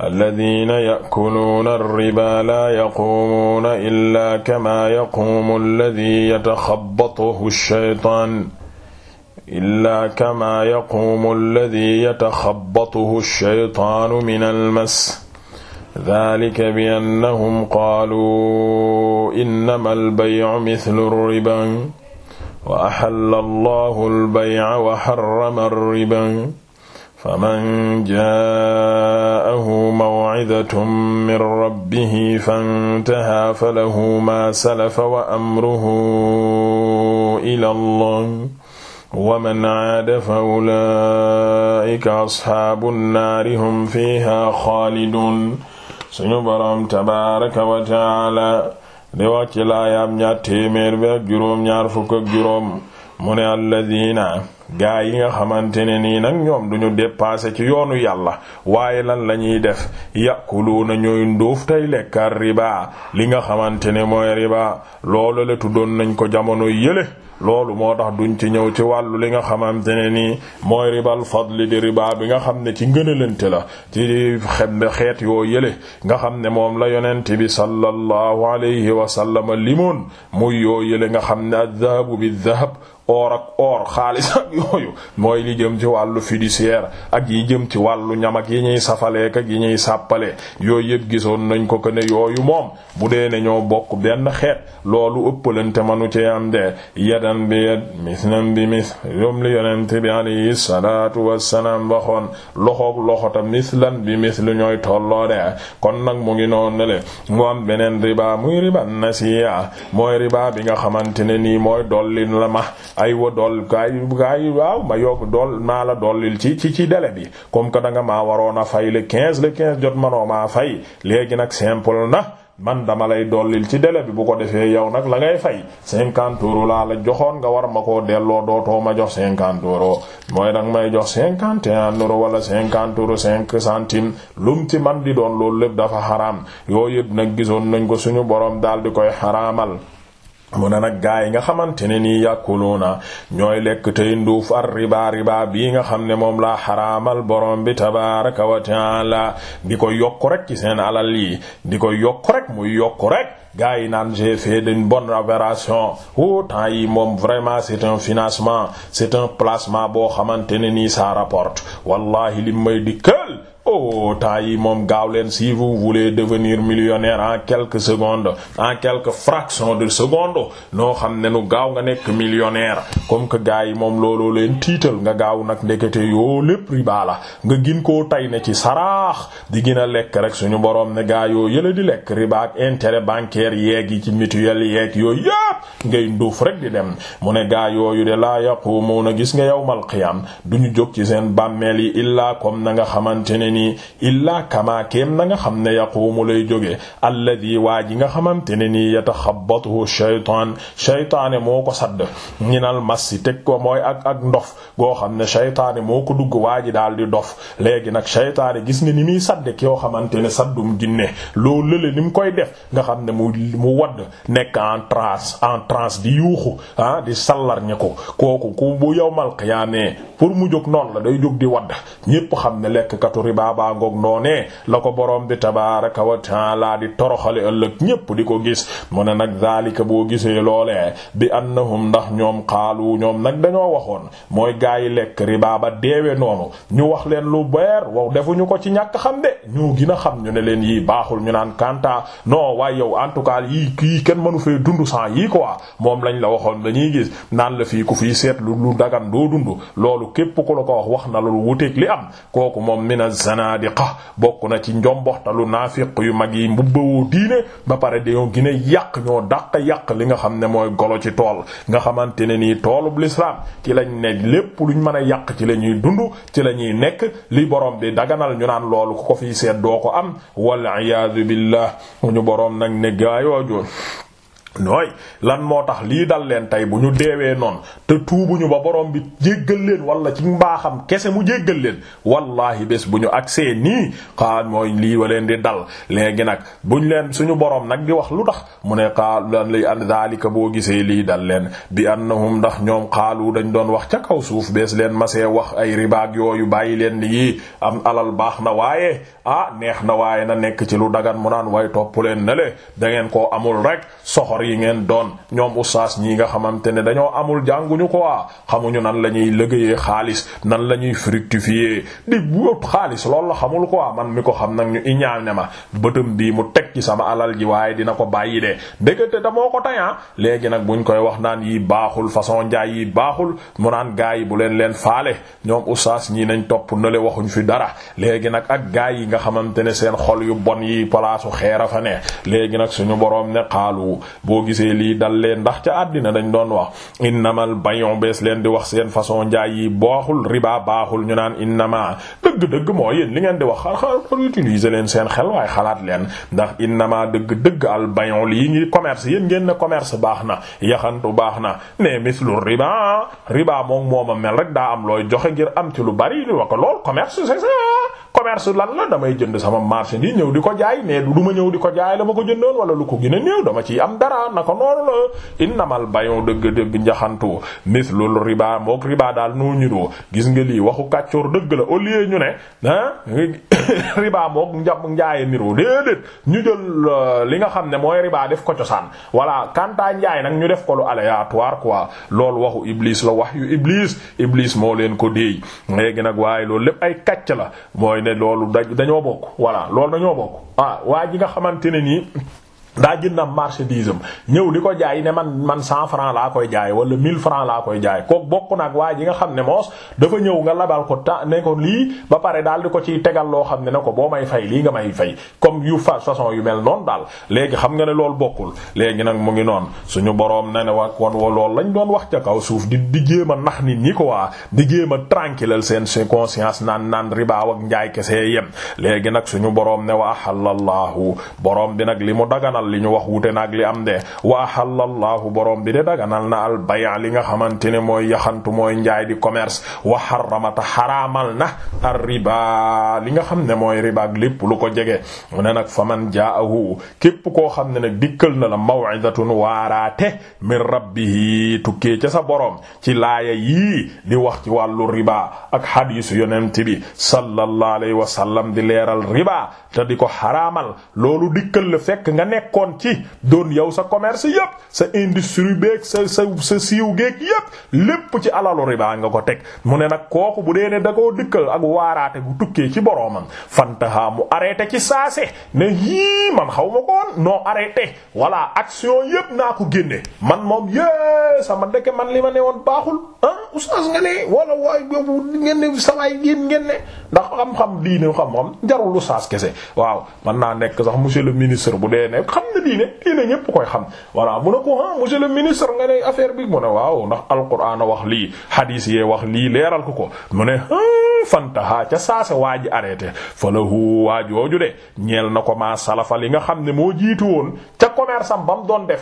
alladina yakuluuna alriba laa yaquumuuna illa kama yaquumu alladi yataxabatuhu alsheytaan illa kama yaquumu alladi yataxabatuhu alsheytaanu min almas dalika bi annahum qaaluu innama albaycu mithlu alriba wa axalla allahu albayca wa xarrama alriba faman jaa'ahu maw'idatun min rabbihi fantahaa falahu maa salafa wa amruhu ilaa Allah wa man 'aada fa ulaa'ika ashaabu nnaari hum fiihaa xaaliduun suñu boroom tabaaraka wa ta'aala di wax ci laayaam ñaar téeméer bi ak juróom ñaar fukk ak juróom mu ne alladina gaa yi nga xamante ne nii nag ñoom duñu dépassé ci yoonu yàlla waaye lan la ñuy def yàkuluuna ñooy ndóof tey lekkar riba li nga xamante ne mooy riba loolu la tuddoon nañ ko jamono yële loolu moo tax duñ ci ñëw ci wàllu li nga xamante ne nii mooy ribal fadli di riba bi nga xam ne ci ngënalante la ci xeb xeet yoo yële nga xam ne moom la yonent bi sallallahu alayhi wa sallam limoon muy yoo yële nga xam ne addahabu bi dahab or ak or xaalis ak yooyu mooy li jëm ci wàllu fiduciaire ak yi jëm ci wàllu ñam ak yi ñuy safaleek ak yi ñuy sàppale yooyu yëpp gisoon nañ ko ko ne yooyu moom bu dee ne ñoo bokk benn xeet loolu ëppalante manu ci am de yadam bi yad mislam bi mis yom li yonent bi waxoon loxoog loxota mislan bi mis lu ñooy tolloo de kon nag mu ngi noonu le mu am beneen riba muy riba nasiya mooy riba bi nga xamante ne nii mooy dollin la ma ay wa doll gaay gaay waaw ma yokk doll maa la dollil ci ci ci délai bi comme que da nga maa waroon a fay le quinze le quinze jot manoo maa fay léegi nag simple na man dama lay dollil ci délai bi bu ko defee yow nag la ngay fay cinquante euros laa la joxoon nga war ma koo delloo dootoo ma jox cinquante euros mooy danga may jox cinquante et un euros wala cinquante euros cinq centimes lum ci man di doon loolu lépp dafa xaraam yooyu yëpp nag gisoon nañ ko suñu borom daal di koy xaraamal. mu ne nag gaa yi nga xamante ne nii na ñooy lekk tey nduuf ar riba riba bii nga xam ne moom laa xaraamal borom bi tabaraka wa taala di ko yokk rek ci seen alal yi di ko yokk rek muy yokk rek gaa yi naan j'ai fait une bonne opération au temps yi moom vraiment c'est un financement c'est un placement boo xamante ne nii ça rapport wallahi lim dikk oh temps yi moom gaaw leen si vous voulez devenir millionnaire en quelques secondes en quelques fractions de seconde noo xam ne nu gaaw nga nekk millionnaire comme que gars yi moom looloo leen tiital nga gaaw nag ndekete yoo lépp riba la nga gin koo tay ne ci saraax di gën a lekk rek suñu borom ne gaa yoo yële di lekk riba ak intérêt bancaire yeeg yi ci mutuelle yeeg yooyu yëpp ngay nduuf rek di dem mu ne gaa yooyu de laa yàqu moo na gis nga yawmal qiyaam duñu nii illaa kamaa na nga xam ne yaquumu lay jógee alladi waa ji nga xamante ne nii yataxabbatuhu shaytaan shaytaane moo ko sadd ñinal massi teg ko mooy ak ak ndof goo xam ne shaytaane moo ko dugg waa ji daal di dof léegi nag shaytaane gis nga ni muy sadde ki yoo xamante ne saddum jinne loo lële ni mu koy def nga xam ne mu mu wadd nekk en transe en trance di yuuxu ah di sallar ñi ko kooku ku bu yowmal qiyaamee pour mu jóg noonu la day jóg di wadd ñépp xam ne lekk katu baabaa ngoog noonee la ko borom bi tabaaraka wa taala di toroxale ëllëg ñépp di ko gis mu ne nag zaalika boo gisee loolee bi na annahum ndax ñoom xaalu ñoom nag dañoo waxoon mooy gaa yi lekk riba ba deewe noonu ñu wax leen lu beer wax defuñu ko ci ñàkk xam de ñu gën a xam ñu ne leen yii baaxul ñu naan kanta non waaye yow en tout cas yii kii kenn mënu fee dund sans yii ko quoi moom lañ la waxoon dañuy gis naan la fii ku fii seet lu lu dagan doo dund loolu képp ku la ko wax wax na loolu wuteeg li am kooku moom mina zanadiqa bokk na ci njomboxtalu naafiq yu mag yi mbubbawoo diine ba pare dañoo gën a yàq ñoo dàq yàq li nga xam ne mooy golo ci tool nga xamante ne nii toolub lislaam ci lañ ne lépp ñu mën a yàq ci la ñuy dund ci la ñuy nekk li borom bi daganal ñu naan loolu ko fi seet doo ko am wal iyaadu billah ñu boroom nag ne gaayooju nooy lan moo tax lii dal leen tey bu ñu deewee noonu te tuubuñu ba borom bi jéggal leen wala ci mbaaxam kese mu jéggal leen wallahi bees bu ñu agsee nii xaal mooy lii wa leen di dal léegi nag buñ leen suñu borom nag di wax lu tax mu ne xaal lan lay ànd daalika boo gisee lii dal leen bi annahum ndax ñoom xaalu dañu doon wax ca kaw suuf bees leen masee wax ay ribaak yooyu bàyyi leen yii am alal baax na waaye ah neex na waaye na nekk ci lu dagan mu naan way topp leen ne da ngeen koo amul rek gor yi ngeen doon ñoom oustaz ñii nga xamante ne dañoo amul jànguñu ko waa xamuñu nan la ñuy liggéeyee xaalis nan la ñuy fructifier bu ëpp xaalis loolu la xamul ko waa man mi ko xam nag ñu iñaaw ne ma bëtëm bii mu teg ci sama alal ji waaye dina ko bàyyi de ndekete da moo ko tayaa ah, léegi nag buñ koy wax naan yi baaxul façon njaay yi baaxul mu naan gaa yi bu leen leen faale ñoom oustaz ñii nañ topp nale waxuñ fi dara léegi nag ak gaa yi nga xamante ne seen xol yu bon yi palaasu xeera fa suñu boo gisee lii dal leen ndax ca àddina dañ doon wax innamal bayon bees leen di wax seen façon njaay yi baaxul riba baaxul ñu naan innama dëgg-dëgg moo yéen li ngeen di wax xaaral utiliser leen seen xel waaye xalaat leen ndax innama dëgg-dëgg al bayon lii ngi commerce yéen ngeen ne commerce baax na yaxantu baax na mais mislu riba riba moom mooma mel rek daa am looy joxe ngir am ci lu bari li wax lool commerce c'est ça commerce lan la damay jënd sama marché di ñëw di ko jaay mais du ma ñëw di ko jaay la ma ko jëndoon wala lu ko gën a néew dama ciy am dara na naka noonu la innamal bayon dëgg dëgg njaxantu mis loolu riba mook riba daal noo ñudoo gis nga lii waxu kàccoor dëgg la au lieu ñu ne ah riba mook njab njaaye niroo déedéet ñu jël euh, li nga xam ne mooy riba def ko cosaan voilà kanta njaay nag ñu def ko lu aléatoire quoi loolu waxu iblis la wax yu iblis iblis moo leen ko déey léegi nag waaye loolu lépp ay kàcc la mooy ne loolu dañoo bokk voilà loolu dañoo bokk ah waa ji nga xamante ne nii daa jënd marché marchandise am ñëw di ko jaay ne man man cent francs laa koy jaay wala mille francs laa koy jaay kook bokk ak waa ji nga xam ne moos dafa ñëw nga labal ko ta ne ko lii ba pare daal di ko ci tegal loo xam ne ne ko boo may fay lii nga may fay comme yu fa façon yu mel noonu daal léegi xam nga ne loolu bokkul léegi nag mu ngi noonu suñu boroom ne ne wa kon loolu lañ doon wax ca kaw suuf di di jéem a nax ni nii ko waa di jéem a tranquille seen seen conscience naan naan ribaaw ak njaay kese yem léegi nag suñu boroom ne wa ahallallahu boroom bi daganal li ñu am de wa ahalla Allahu borom bi de daganal na al bay' li nga xamante ne mooy yaxantu mooy njaay di commerce wa harramata xaraamal na ar riba li nga xam ne mooy riba ak lépp lu ko jege mu ne fa man jaahu képp koo xam ne nag dikkal na la maw'idatun waaraate min rabbihi tukkee ca sa borom ci laaya yii di wax ci wàllu riba ak hadiisu yonent bi sallallahu alayhi wa sallam di leeral riba te di ko xaraamal loolu dikkal la fekk nga nekk kon ci doon yow sa commerce yépp sa industrie beeg sa sa sa siiw geeg yépp lépp ci alalu riba nga ko teg mu ne nag kooku bu dee ne da koo dëkkal ak waaraate bu tukkee ci boroomam fantaha mu arrêté ci saase ne yii man xaw ma koon noo arrêté voilà action yépp naa ko génne man moom yée sama ndeke man li ma ne woon baaxul ah oustaz nga ne wala waay boobu ngeen ne sawaay génn ngeen ne ndax xam-xam diine xam-xam jarul oustaz kese waaw man naa nekk sax monsieur le ministre bu dee ne sa diine diine ñépp koy xam voilà mu ne ko ah monsieur le nga ne affaire bi mu ne waaw ndax alquran a wax lii hadis yee wax lii leeral ko ko mu ne fantaha ca saase waa ji arrêté fa lahu waajooju de ñeel na ko maa salafa li nga xam ne moo jiitu woon ca commerce am ba mu doon def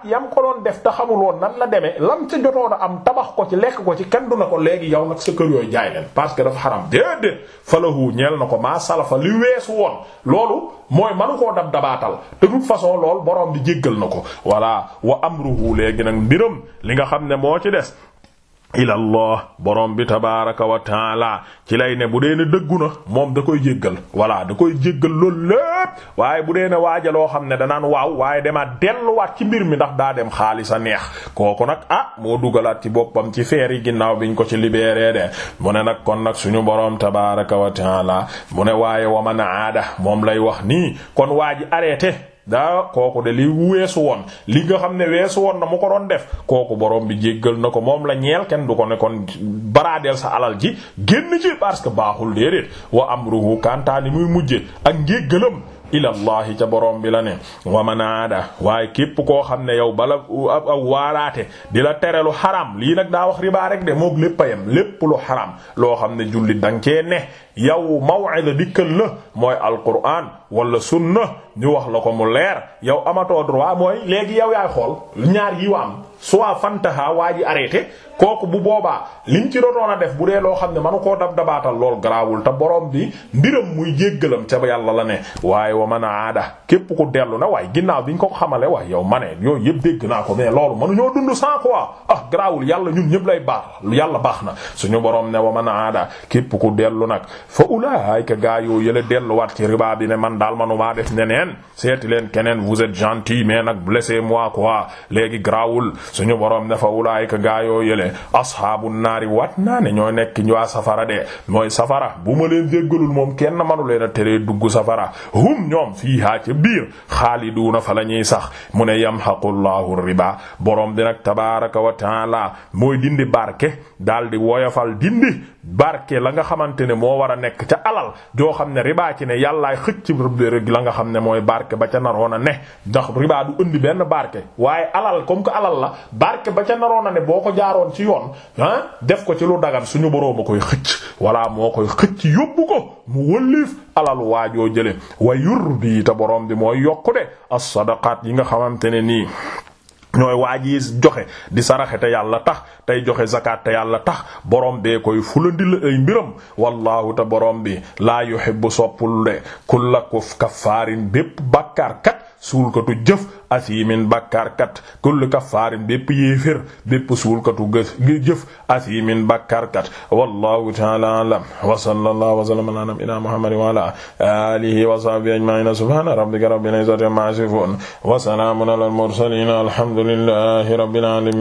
ak yam ko doon def te xamul woon nan la demee lan ca jotoon a am tabax ko ci lekk ko ci kenn du na ko léegi yow nag sa kër yooyu jaay leen parce que dafa xaram déedéet falahu ñeel na ko maa salafa li weesu woon loolu mooy manu koo dab dabaatal de toute façon lool boroom bi jéggal na ko voilà wa amruhu léegi nag mbiram li nga xam ne moo ci des ilallah borom bi tabaraka wa taala ci lay ne bu dee ne dëggu moom da koy jéggal voilà da koy jéggal loolu lépp waaye bu dee ne waaja loo xam ne danaan waaw waaye demaat delluwaat ci mbir mi ndax daa dem xaalis a neex kooku nag ah moo dugalaat ci boppam ci feer yi ginnaaw biñ ko ci libéré de mu ne nag kon nag suñu borom tabaraka wa taala mu ne waaye waman aada moom lay wax nii kon waa ji arrêté daa kooku de li weesu woon li nga xam ne weesu woon na mu ko doon def kooku borom bi jéggal na ko moom la ñeel kenn du ko nekkoon kon baraadeel sa alal ji génn ci parce que baaxul déedéet wa amruhu kantaani muy mujje ak njéggalam ilallahi ca borom bi la ne wa manaada waaye képp koo xam ne yow bala ab ab waalaate di la tere lu xaram lii nag daa wax ribaa rek de moog lépp a yem lépp lu xaram loo xam ne jullit danga cee ne yow maw'ida dikkal la mooy alquran wala sunna ñu wax la ko mu leer yow amatoo droit mooy léegi yow yaay xool ñaar yi waam soit fantaha waa ji arrêté kooku bu boobaa liñ ci doon a def bu dee loo xam ne manu koo dab dabaatal lool garaawul te borom bi mbiram muy jéggalam ca yàlla la ne waaye wa man aada képp ku dellu na waaye ginnaaw biñ ko xamale waaye yow ma ne yooyu yëpp dégg naa ko mais loolu manu ñoo dund sans quoi ah yàlla ñun ñëpp lay baax yàlla baax na suñu borom ne wa man aada képp ku dellu nag fa ulaayka gaa yoo yële delluwaat ci riba bi ne man daal manumaa def neneen seeti leen keneen vous êtes gentil mais nag blessez-moi quoi léegi grawul suñu borom dafa ulaayika gaayoo yële asxaabu naari wat naa ne ñooy ñu waa safara de mooy safara bu ma leen jéggalul moom kenn manu leen a teree dugg safara hum ñoom fiihaa ca biir xaaliduuna fa la ñuy sax mu ne yamhaqullahu riba borom bi nag tabaraka wa taala mooy dindi barke daal di woyofal dindi barke la nga xamante ne moo war a nekk ca alal joo tuddee rek la nga xam ne mooy barke ba ca naroon a ne ndax riba du indi benn barke waaye alal comme que alal la barke ba ca naroon a ne boo ko jaaroon ci yoon ah, def ko ci lu dagan suñu boroom a koy xëcc walla moo koy xëcc yóbbu ko mu wëlliif alal waajoo jële wa bi te boroom bi mooy yokku de as-sadaqaat yi nga xamante ne nii ñooy waaj yi joxe di saraxe te yàlla tax tey joxe zakat te yàlla tax borom bee koy fula fulandil ay mbiram wallahu te boroom bi laa yuhibbu soppul de kulla kuf kaffaarin bépp bakkaar kat suulkatu jëf asimin bakkaarkat kullu kaffaarin bépp yéefér bépp suulkatu gës jëf asimin bakkaarkat wallahu ta'ala a'lam wa sallallahu wa sallama ala nabiyyina muhammadin wa ala alihi wa sahbihi ajma'in subhana rabbika rabbil izzati amma yasifun wa salamun alal mursalin alhamdulillahi rabbil alamin